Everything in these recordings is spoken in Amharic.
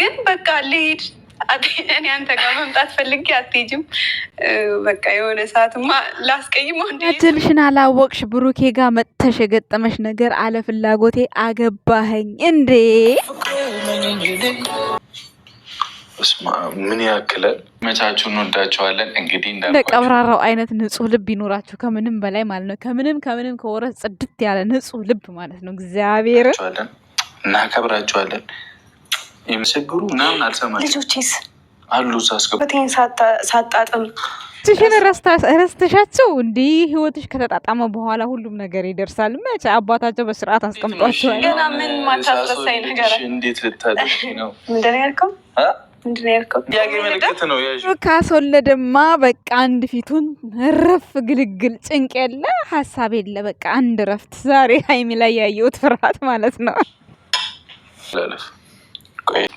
ግን በቃ ልሄድ እኔ አንተ ጋር መምጣት ፈልጌ አትሄጂም። በቃ የሆነ ሰዓትማ ላስቀይም። ትንሽን አላወቅሽ ብሩኬ ጋር መጥተሽ የገጠመሽ ነገር አለ ፍላጎቴ አገባኸኝ እንዴ? ምን ያክላል? መቻችሁ እንወዳቸዋለን። እንግዲህ እንደ ቀብራራው አይነት ንጹህ ልብ ይኖራችሁ ከምንም በላይ ማለት ነው። ከምንም ከምንም ከወረስ ጽድት ያለ ንጹህ ልብ ማለት ነው። እግዚአብሔርን እናከብራቸዋለን። የሚቸግሩ ምናምን አልሰማ ልጆችስ አሉ ሳስገባቴን ሳጣጥም ትሽን ረስተሻቸው እንዲህ ህይወትሽ ከተጣጣመ በኋላ ሁሉም ነገር ይደርሳል። መች አባታቸው በስርዓት አስቀምጧቸዋል። ገና ምን ማታስረሳይ ነገር እንዴት ልታደርግ ነው? ምንድን ነው ያልከው? ካስወለደማ በቃ አንድ ፊቱን እረፍ ግልግል፣ ጭንቅ የለ ሀሳብ የለ በቃ አንድ እረፍት። ዛሬ ሀይሚ ላይ ያየሁት ፍርሃት ማለት ነው።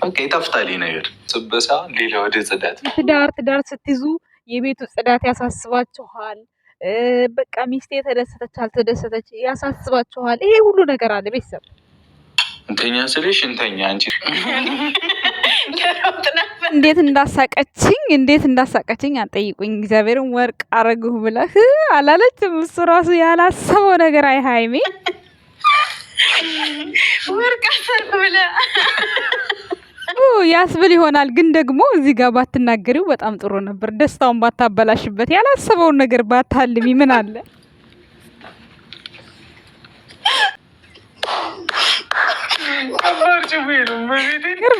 በቃ ይጠፍታል ነገር ጽበሳ ሌላ ወደ ጽዳት ትዳር ትዳር ስትይዙ የቤቱ ጽዳት ያሳስባችኋል። በቃ ሚስቴ የተደሰተች አልተደሰተች ያሳስባችኋል። ይሄ ሁሉ ነገር አለ። ቤተሰብ እንተኛ ስልሽ እንተኛ አንቺ እንዴት እንዳሳቀችኝ እንዴት እንዳሳቀችኝ አልጠይቁኝ። እግዚአብሔርን ወርቅ አረግሁ ብለህ አላለችም። እሱ ራሱ ያላሰበው ነገር አይ ሀይሜ ወርቅ አሰርኩ ብለህ ያስብል ይሆናል። ግን ደግሞ እዚህ ጋር ባትናገሪው በጣም ጥሩ ነበር። ደስታውን ባታበላሽበት፣ ያላሰበውን ነገር ባታልሚ ምን አለ።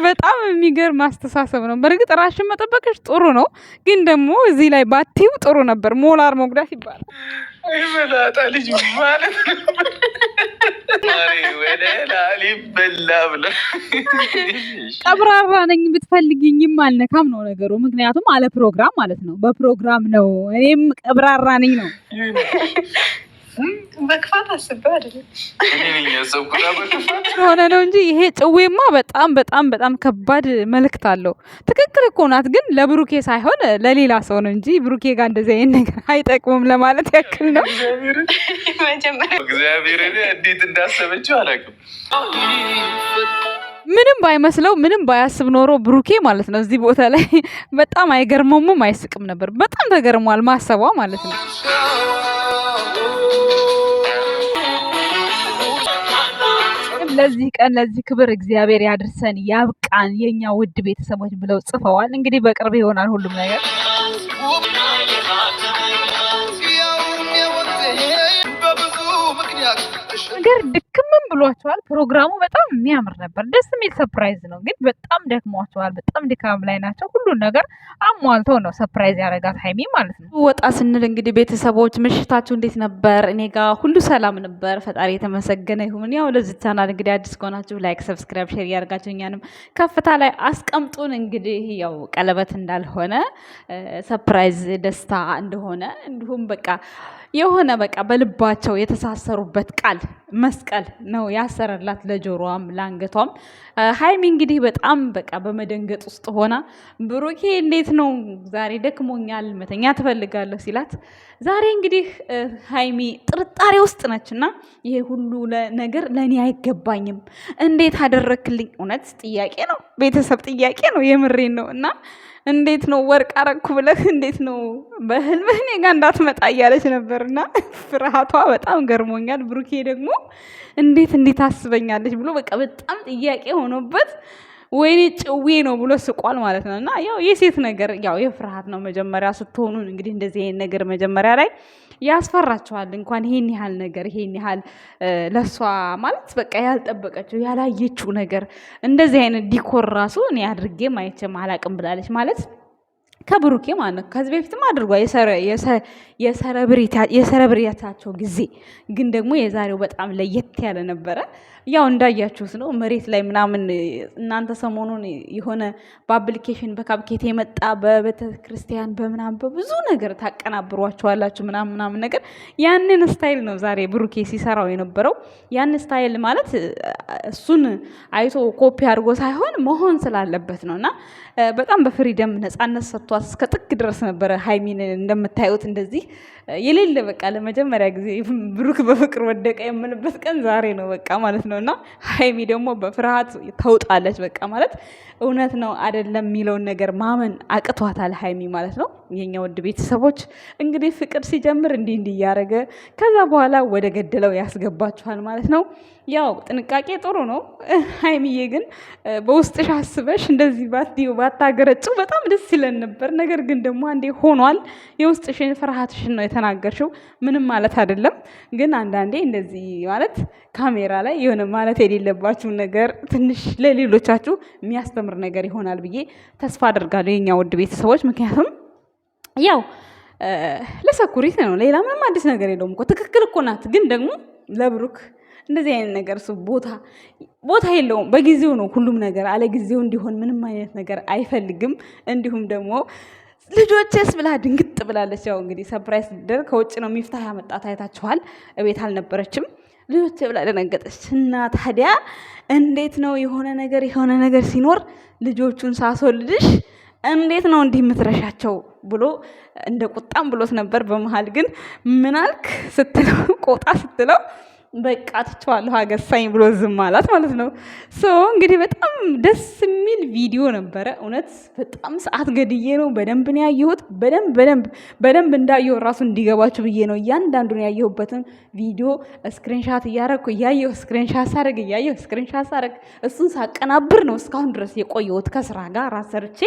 በጣም የሚገርም አስተሳሰብ ነው። በእርግጥ ራሽን መጠበቅሽ ጥሩ ነው፣ ግን ደግሞ እዚህ ላይ ባቲው ጥሩ ነበር። ሞላር መጉዳት ይባላል። ቀብራራ ነኝ ብትፈልግኝም አልነካም ነው ነገሩ። ምክንያቱም አለ ፕሮግራም ማለት ነው። በፕሮግራም ነው እኔም ቀብራራ ነኝ ነው ሆነ ነው እንጂ ይሄ ጭዌማ በጣም በጣም በጣም ከባድ መልእክት አለው። ትክክል እኮ ናት፣ ግን ለብሩኬ ሳይሆን ለሌላ ሰው ነው እንጂ ብሩኬ ጋር እንደዚህ አይነት ነገር አይጠቅሙም ለማለት ያክል ነው። እግዚአብሔር እንዴት እንዳሰበችው አላውቅም። ምንም ባይመስለው ምንም ባያስብ ኖሮ ብሩኬ ማለት ነው እዚህ ቦታ ላይ በጣም አይገርመውም፣ አይስቅም ነበር። በጣም ተገርሟል ማሰቧ ማለት ነው። ለዚህ ቀን ለዚህ ክብር እግዚአብሔር ያድርሰን ያብቃን የኛ ውድ ቤተሰቦች ብለው ጽፈዋል። እንግዲህ በቅርብ ይሆናል ሁሉም ነገር ነገር ድክምም ብሏቸዋል። ፕሮግራሙ በጣም የሚያምር ነበር፣ ደስ የሚል ሰፕራይዝ ነው። ግን በጣም ደክሟቸዋል፣ በጣም ድካም ላይ ናቸው። ሁሉን ነገር አሟልተው ነው ሰፕራይዝ ያደረጋት ሀይሚ ማለት ነው። ወጣ ስንል እንግዲህ ቤተሰቦች ምሽታችሁ እንዴት ነበር? እኔ ጋር ሁሉ ሰላም ነበር፣ ፈጣሪ የተመሰገነ ይሁን። ያው ለዚህ ቻናል እንግዲህ አዲስ ከሆናችሁ ላይክ፣ ሰብስክራይብ፣ ሼር እያደርጋችሁ እኛንም ከፍታ ላይ አስቀምጡን። እንግዲህ ያው ቀለበት እንዳልሆነ ሰፕራይዝ ደስታ እንደሆነ እንዲሁም በቃ የሆነ በቃ በልባቸው የተሳሰሩበት ቃል መስቀል ነው ያሰረላት ለጆሮዋም ለአንገቷም። ሀይሚ እንግዲህ በጣም በቃ በመደንገጥ ውስጥ ሆና ብሩኬ እንዴት ነው ዛሬ ደክሞኛል፣ መተኛ ትፈልጋለሁ ሲላት ዛሬ እንግዲህ ሀይሚ ጥርጣሬ ውስጥ ነች እና ይሄ ሁሉ ነገር ለእኔ አይገባኝም፣ እንዴት አደረክልኝ? እውነት ጥያቄ ነው ቤተሰብ ጥያቄ ነው የምሬን ነው እና እንዴት ነው ወርቅ አረኩ ብለህ እንዴት ነው በህልምህ እኔ ጋ እንዳትመጣ እያለች ነበርና ፍርሃቷ በጣም ገርሞኛል። ብሩኬ ደግሞ እንዴት እንዴት አስበኛለች ብሎ በቃ በጣም ጥያቄ ሆኖበት ወይኔ ጭዌ ነው ብሎ ስቋል ማለት ነው። እና ያው የሴት ነገር ያው የፍርሃት ነው። መጀመሪያ ስትሆኑ እንግዲህ እንደዚህ ይሄን ነገር መጀመሪያ ላይ ያስፈራችኋል። እንኳን ይሄን ያህል ነገር ይሄን ያህል ለሷ ማለት በቃ ያልጠበቀችው ያላየችው ነገር እንደዚህ አይነት ዲኮር ራሱ እኔ አድርጌ ማየችም አላቅም ብላለች ማለት ከብሩኬ ማለት ነው። ከዚህ በፊትም አድርጓል የሰረብሬታቸው ጊዜ ግን ደግሞ የዛሬው በጣም ለየት ያለ ነበረ። ያው እንዳያችሁት ነው መሬት ላይ ምናምን እናንተ ሰሞኑን የሆነ በአፕሊኬሽን በካብኬት የመጣ በቤተክርስቲያን በምናምን በብዙ ነገር ታቀናብሯቸዋላችሁ ምናምን ምናምን ነገር ያንን ስታይል ነው ዛሬ ብሩኬ ሲሰራው የነበረው። ያን ስታይል ማለት እሱን አይቶ ኮፒ አድርጎ ሳይሆን መሆን ስላለበት ነው እና በጣም በፍሪደም ነፃነት ሰጥቷል። አስከፍቷት እስከ ጥግ ድረስ ነበረ። ሀይሚን እንደምታዩት እንደዚህ የሌለ በቃ ለመጀመሪያ ጊዜ ብሩክ በፍቅር ወደቀ የምንበት ቀን ዛሬ ነው በቃ ማለት ነው። እና ሀይሚ ደግሞ በፍርሃት ተውጣለች በቃ ማለት እውነት ነው አይደለም የሚለውን ነገር ማመን አቅቷታል ሀይሚ ማለት ነው። የኛ ውድ ቤተሰቦች እንግዲህ ፍቅር ሲጀምር እንዲህ እንዲህ እያደረገ ከዛ በኋላ ወደ ገደለው ያስገባችኋል ማለት ነው። ያው ጥንቃቄ ጥሩ ነው። ሀይሚዬ ግን በውስጥሽ አስበሽ እንደዚህ ባታገረጩ በጣም ደስ ይለን ነበር። ነበር። ነገር ግን ደግሞ አንዴ ሆኗል። የውስጥሽን ፍርሃትሽን ነው የተናገርሽው። ምንም ማለት አይደለም። ግን አንዳንዴ እንደዚህ ማለት ካሜራ ላይ የሆነ ማለት የሌለባችሁ ነገር ትንሽ ለሌሎቻችሁ የሚያስተምር ነገር ይሆናል ብዬ ተስፋ አደርጋለሁ የኛ ውድ ቤተሰቦች። ምክንያቱም ያው ለሰኩሪት ነው፣ ሌላ ምንም አዲስ ነገር የለውም እኮ ትክክል እኮ ናት። ግን ደግሞ ለብሩክ እንደዚህ አይነት ነገር እሱ ቦታ ቦታ የለውም። በጊዜው ነው ሁሉም ነገር። አለ ጊዜው እንዲሆን ምንም አይነት ነገር አይፈልግም። እንዲሁም ደግሞ ልጆቼስ ብላ ድንግጥ ብላለች። ያው እንግዲህ ሰፕራይዝ ደር ከውጭ ነው ሚፍታህ ያመጣት አይታችኋል። እቤት አልነበረችም። ልጆቼ ብላ ደነገጠች። እና ታዲያ እንዴት ነው የሆነ ነገር የሆነ ነገር ሲኖር ልጆቹን ሳስወልድሽ እንዴት ነው እንዲህ የምትረሻቸው ብሎ እንደ ቁጣም ብሎት ነበር። በመሀል ግን ምናልክ ስትለው ቆጣ ስትለው በቃ ትቼዋለሁ አገሳኝ ብሎ ዝም አላት ማለት ነው። ሶ እንግዲህ በጣም ደስ የሚል ቪዲዮ ነበረ። እውነት በጣም ሰዓት ገድዬ ነው በደንብ ነው ያየሁት። በደንብ በደንብ በደንብ እንዳየሁ ራሱ እንዲገባችሁ ብዬ ነው እያንዳንዱን ያየሁበትን ቪዲዮ ስክሪንሻት እያረግኩ እያየሁ ስክሪንሻት ሳረግ እያየሁ ስክሪንሻት ሳረግ እሱን ሳቀናብር ነው እስካሁን ድረስ የቆየሁት ከስራ ጋር ራሰርቼ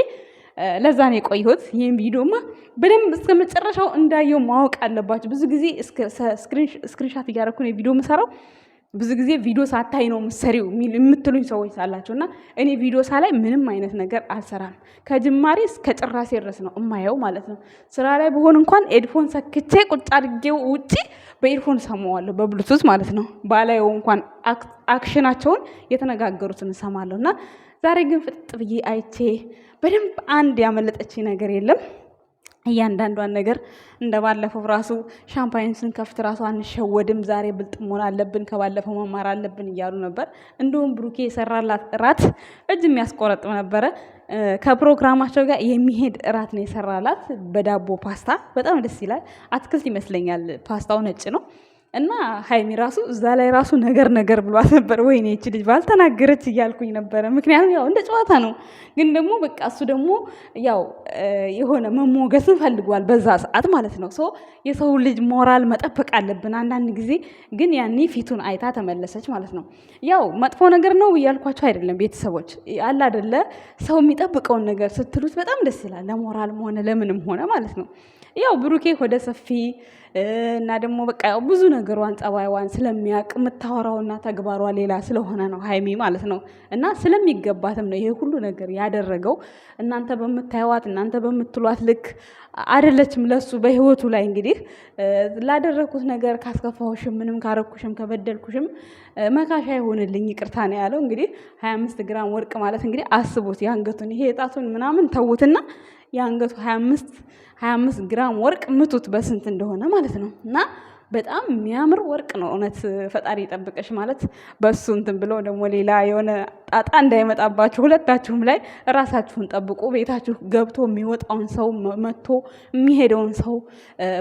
ለዛ ነው የቆየሁት። ይህም ቪዲዮማ በደንብ እስከ መጨረሻው እንዳየው ማወቅ አለባቸው። ብዙ ጊዜ ስክሪንሻት እያደረኩ ነው የቪዲዮ የምሰራው። ብዙ ጊዜ ቪዲዮ ሳታይ ነው ምሰሪው የምትሉኝ ሰዎች ሳላቸው እና እኔ ቪዲዮ ሳላይ ምንም አይነት ነገር አልሰራም። ከጅማሬ እስከ ጭራሴ ድረስ ነው እማየው ማለት ነው። ስራ ላይ በሆን እንኳን ኤድፎን ሰክቼ ቁጭ አድርጌው ውጪ በኤድፎን ሰማዋለሁ፣ በብሉቱዝ ማለት ነው። ባላየው እንኳን አክሽናቸውን የተነጋገሩትን እሰማለሁ እና ዛሬ ግን ፍጥጥ ብዬ አይቼ በደንብ አንድ ያመለጠች ነገር የለም። እያንዳንዷን ነገር እንደ ባለፈው ራሱ ሻምፓይን ስንከፍት ራሱ አንሸወድም፣ ዛሬ ብልጥ መሆን አለብን፣ ከባለፈው መማር አለብን እያሉ ነበር። እንዲሁም ብሩኬ የሰራላት እራት እጅ የሚያስቆረጥ ነበረ። ከፕሮግራማቸው ጋር የሚሄድ እራት ነው የሰራላት በዳቦ ፓስታ። በጣም ደስ ይላል። አትክልት ይመስለኛል። ፓስታው ነጭ ነው። እና ሀይሚ ራሱ እዛ ላይ ራሱ ነገር ነገር ብሏት ነበር። ወይኔ ይቺ ልጅ ባልተናገረች እያልኩኝ ነበረ። ምክንያቱም ያው እንደ ጨዋታ ነው፣ ግን ደግሞ በቃ እሱ ደግሞ ያው የሆነ መሞገስን ፈልጓል በዛ ሰዓት ማለት ነው። የሰው ልጅ ሞራል መጠበቅ አለብን አንዳንድ ጊዜ። ግን ያኔ ፊቱን አይታ ተመለሰች ማለት ነው። ያው መጥፎ ነገር ነው እያልኳቸው አይደለም ቤተሰቦች፣ አለ ሰው የሚጠብቀውን ነገር ስትሉት በጣም ደስ ይላል፣ ለሞራልም ሆነ ለምንም ሆነ ማለት ነው። ያው ብሩኬ ወደ ሰፊ እና ደግሞ በቃ ብዙ ነገሯን ጸባይዋን ስለሚያውቅ የምታወራውና ተግባሯ ሌላ ስለሆነ ነው ሀይሚ ማለት ነው። እና ስለሚገባትም ነው ይሄ ሁሉ ነገር ያደረገው። እናንተ በምታይዋት እናንተ በምትሏት ልክ አይደለችም። ለሱ በህይወቱ ላይ እንግዲህ ላደረግኩት ነገር ካስከፋሁሽም፣ ምንም ካረኩሽም፣ ከበደልኩሽም መካሻ ይሆንልኝ ይቅርታ ነው ያለው። እንግዲህ ሀያ አምስት ግራም ወርቅ ማለት እንግዲህ አስቡት፣ የአንገቱን ይሄ የጣቱን ምናምን ተዉትና የአንገቱ 25 ግራም ወርቅ ምቱት በስንት እንደሆነ ማለት ነው። እና በጣም የሚያምር ወርቅ ነው። እውነት ፈጣሪ ይጠብቀሽ ማለት በሱ እንትን ብሎ ደግሞ ሌላ የሆነ ጣጣ እንዳይመጣባችሁ ሁለታችሁም ላይ እራሳችሁን ጠብቁ። ቤታችሁ ገብቶ የሚወጣውን ሰው መጥቶ የሚሄደውን ሰው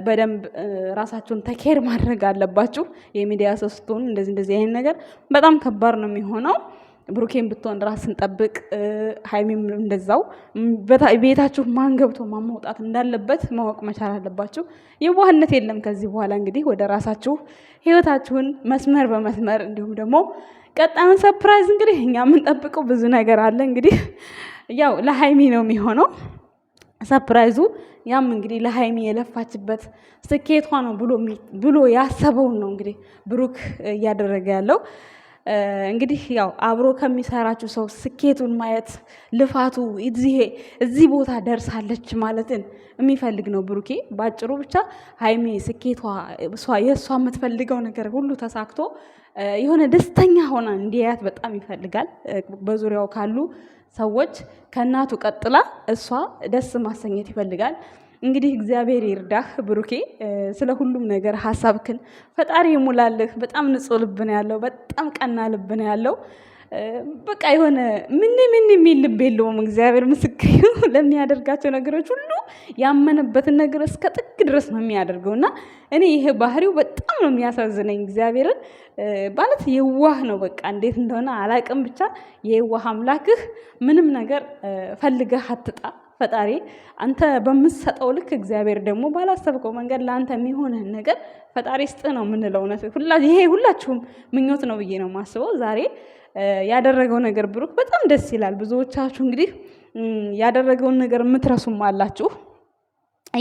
በደንብ ራሳችሁን ተኬር ማድረግ አለባችሁ። የሚዲያ ሰው ስትሆኑ እንደዚህ እንደዚህ ይህን ነገር በጣም ከባድ ነው የሚሆነው። ብሩኬን ብትሆን ራስን ጠብቅ፣ ሀይሚም እንደዛው። ቤታችሁ ማን ገብቶ ማን መውጣት እንዳለበት ማወቅ መቻል አለባችሁ። የዋህነት የለም። ከዚህ በኋላ እንግዲህ ወደ ራሳችሁ ህይወታችሁን መስመር በመስመር እንዲሁም ደግሞ ቀጣዩን ሰፕራይዝ እንግዲህ እኛ የምንጠብቀው ብዙ ነገር አለ። እንግዲህ ያው ለሀይሚ ነው የሚሆነው ሰፕራይዙ። ያም እንግዲህ ለሀይሚ የለፋችበት ስኬቷ ነው ብሎ ያሰበውን ነው እንግዲህ ብሩክ እያደረገ ያለው። እንግዲህ ያው አብሮ ከሚሰራችሁ ሰው ስኬቱን ማየት ልፋቱ ይዚሄ እዚህ ቦታ ደርሳለች ማለትን የሚፈልግ ነው ብሩኬ። ባጭሩ ብቻ ሀይሜ ስኬቷ የእሷ የምትፈልገው ነገር ሁሉ ተሳክቶ የሆነ ደስተኛ ሆና እንዲያያት በጣም ይፈልጋል። በዙሪያው ካሉ ሰዎች ከእናቱ ቀጥላ እሷ ደስ ማሰኘት ይፈልጋል። እንግዲህ እግዚአብሔር ይርዳህ ብሩኬ፣ ስለ ሁሉም ነገር ሀሳብክን ፈጣሪ ይሙላልህ። በጣም ንጹህ ልብ ነው ያለው፣ በጣም ቀና ልብ ነው ያለው። በቃ የሆነ ምን ምን የሚል ልብ የለውም። እግዚአብሔር ምስክር ለሚያደርጋቸው ነገሮች ሁሉ ያመነበትን ነገር እስከ ጥግ ድረስ ነው የሚያደርገው እና እኔ ይሄ ባህሪው በጣም ነው የሚያሳዝነኝ። እግዚአብሔርን ማለት የዋህ ነው በቃ እንዴት እንደሆነ አላቅም። ብቻ የዋህ አምላክህ ምንም ነገር ፈልገህ አትጣ ፈጣሪ አንተ በምትሰጠው ልክ እግዚአብሔር ደግሞ ባላሰብከው መንገድ ለአንተ የሚሆንህን ነገር ፈጣሪ ስጥ ነው የምንለው። ይሄ ሁላችሁም ምኞት ነው ብዬ ነው የማስበው። ዛሬ ያደረገው ነገር ብሩክ በጣም ደስ ይላል። ብዙዎቻችሁ እንግዲህ ያደረገውን ነገር የምትረሱም አላችሁ።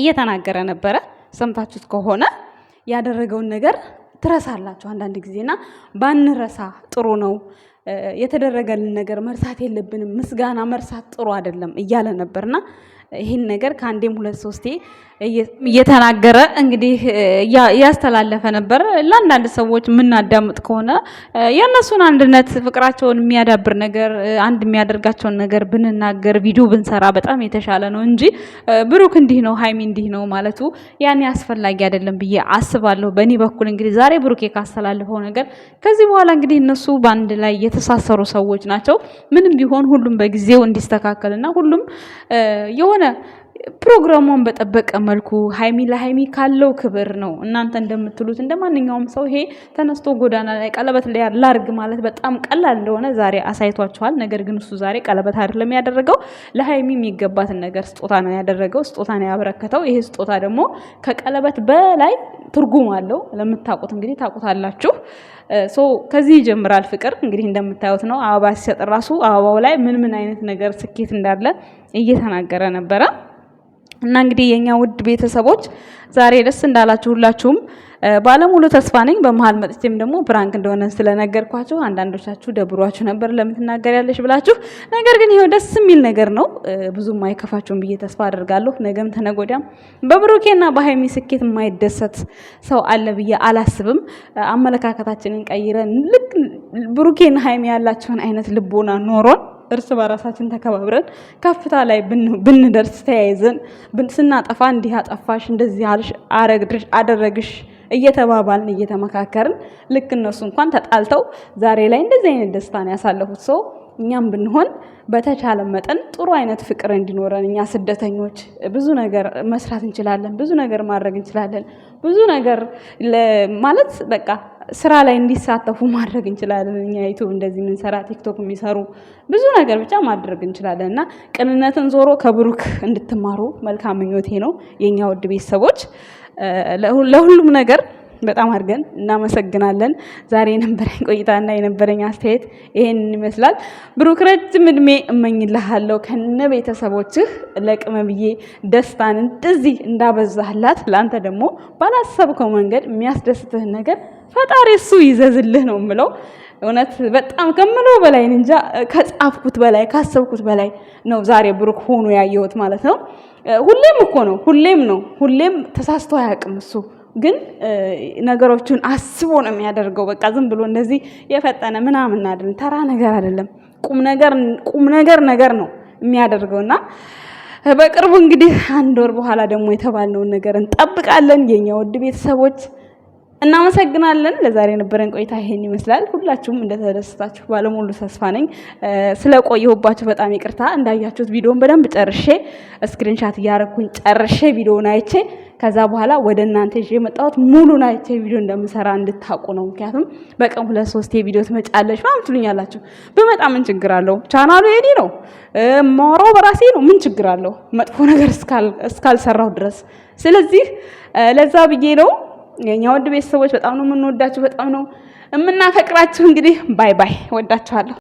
እየተናገረ ነበረ ሰምታችሁት ከሆነ ያደረገውን ነገር ትረሳላችሁ አንዳንድ ጊዜና ባንረሳ ጥሩ ነው። የተደረገልን ነገር መርሳት የለብንም ምስጋና መርሳት ጥሩ አይደለም እያለ ነበርና ይህን ነገር ከአንዴም ሁለት ሶስቴ እየተናገረ እንግዲህ እያስተላለፈ ነበር። ለአንዳንድ ሰዎች የምናዳምጥ ከሆነ የእነሱን አንድነት ፍቅራቸውን የሚያዳብር ነገር አንድ የሚያደርጋቸውን ነገር ብንናገር ቪዲዮ ብንሰራ በጣም የተሻለ ነው እንጂ ብሩክ እንዲህ ነው ሀይሚ እንዲህ ነው ማለቱ ያኔ አስፈላጊ አይደለም ብዬ አስባለሁ። በእኔ በኩል እንግዲህ ዛሬ ብሩኬ ካስተላለፈው ነገር ከዚህ በኋላ እንግዲህ እነሱ በአንድ ላይ የተሳሰሩ ሰዎች ናቸው። ምንም ቢሆን ሁሉም በጊዜው እንዲስተካከልና ሁሉም ને ፕሮግራሟን በጠበቀ መልኩ ሀይሚ ለሀይሚ ካለው ክብር ነው። እናንተ እንደምትሉት እንደ ማንኛውም ሰው ይሄ ተነስቶ ጎዳና ላይ ቀለበት ላርግ ማለት በጣም ቀላል እንደሆነ ዛሬ አሳይቷቸዋል። ነገር ግን እሱ ዛሬ ቀለበት አይደለም ያደረገው፣ ለሀይሚ የሚገባትን ነገር ስጦታ ነው ያደረገው፣ ስጦታ ነው ያበረከተው። ይሄ ስጦታ ደግሞ ከቀለበት በላይ ትርጉም አለው። ለምታውቁት እንግዲህ ታውቁታላችሁ። ሶ ከዚህ ይጀምራል ፍቅር። እንግዲህ እንደምታዩት ነው። አበባ ሲሰጥ ራሱ አበባው ላይ ምን ምን አይነት ነገር ስኬት እንዳለ እየተናገረ ነበረ። እና እንግዲህ የኛ ውድ ቤተሰቦች ዛሬ ደስ እንዳላችሁ ሁላችሁም ባለሙሉ ተስፋ ነኝ። በመሀል መጥቼም ደግሞ ብራንክ እንደሆነ ስለነገርኳችሁ አንዳንዶቻችሁ ደብሯችሁ ነበር ለምትናገር ያለሽ ብላችሁ። ነገር ግን ይሄው ደስ የሚል ነገር ነው። ብዙም አይከፋችሁም ብዬ ተስፋ አደርጋለሁ። ነገም ተነጎዳም በብሩኬና በሀይሚ ስኬት የማይደሰት ሰው አለ ብዬ አላስብም። አመለካከታችንን ቀይረን ልክ ብሩኬና ሀይሚ ያላቸውን አይነት ልቦና ኖሮን እርስ በራሳችን ተከባብረን ከፍታ ላይ ብንደርስ ተያይዘን ስናጠፋ እንዲህ አጠፋሽ፣ እንደዚህ አልሽ፣ አደረግሽ እየተባባልን እየተመካከርን ልክ እነሱ እንኳን ተጣልተው ዛሬ ላይ እንደዚህ አይነት ደስታን ያሳለፉት ሰው እኛም ብንሆን በተቻለ መጠን ጥሩ አይነት ፍቅር እንዲኖረን እኛ ስደተኞች ብዙ ነገር መስራት እንችላለን፣ ብዙ ነገር ማድረግ እንችላለን፣ ብዙ ነገር ማለት በቃ ስራ ላይ እንዲሳተፉ ማድረግ እንችላለን። እኛ ዩቱብ እንደዚህ የምንሰራ ቲክቶክ የሚሰሩ ብዙ ነገር ብቻ ማድረግ እንችላለን እና ቅንነትን ዞሮ ከብሩክ እንድትማሩ መልካም ምኞቴ ነው። የእኛ ውድ ቤተሰቦች ለሁሉም ነገር በጣም አድርገን እናመሰግናለን። ዛሬ የነበረኝ ቆይታና የነበረኝ አስተያየት ይሄን ይመስላል። ብሩክ ረጅም እድሜ እመኝልሃለሁ ከነ ቤተሰቦችህ ብዬ ደስታን እንደዚህ እንዳበዛህላት ለአንተ ደግሞ ባላሰብከው መንገድ የሚያስደስትህን ነገር ፈጣሪ እሱ ይዘዝልህ ነው የምለው። እውነት በጣም ከምለው በላይ እንጃ ከጻፍኩት በላይ ካሰብኩት በላይ ነው ዛሬ ብሩክ ሆኖ ያየሁት ማለት ነው። ሁሌም እኮ ነው ሁሌም ነው ሁሌም ተሳስቶ አያውቅም እሱ ግን ነገሮቹን አስቦ ነው የሚያደርገው። በቃ ዝም ብሎ እንደዚህ የፈጠነ ምናምን አይደለም፣ ተራ ነገር አይደለም። ቁም ነገር ቁም ነገር ነገር ነው የሚያደርገውና በቅርቡ እንግዲህ አንድ ወር በኋላ ደግሞ የተባልነውን ነገር እንጠብቃለን የኛ ውድ ቤተሰቦች። እናመሰግናለን። ለዛሬ የነበረን ቆይታ ይሄን ይመስላል። ሁላችሁም እንደተደሰታችሁ ባለሙሉ ተስፋ ነኝ። ስለቆየሁባችሁ በጣም ይቅርታ። እንዳያችሁት ቪዲዮን በደንብ ጨርሼ እስክሪንሻት እያረኩኝ ጨርሼ ቪዲዮን አይቼ ከዛ በኋላ ወደ እናንተ ይዤ የመጣሁት ሙሉን አይቼ ቪዲዮ እንደምሰራ እንድታውቁ ነው። ምክንያቱም በቀን ሁለት ሶስት የቪዲዮ ትመጫለች ምናምን ትሉኛላችሁ። ብመጣ ምን ችግር አለው? ቻናሉ የኔ ነው፣ ማወራው በራሴ ነው። ምን ችግር አለው? መጥፎ ነገር እስካልሰራሁ ድረስ። ስለዚህ ለዛ ብዬ ነው የኛ ወድ ቤተሰቦች በጣም ነው የምንወዳችሁ፣ በጣም ነው የምናፈቅራችሁ። እንግዲህ ባይ ባይ፣ ወዳችኋለሁ።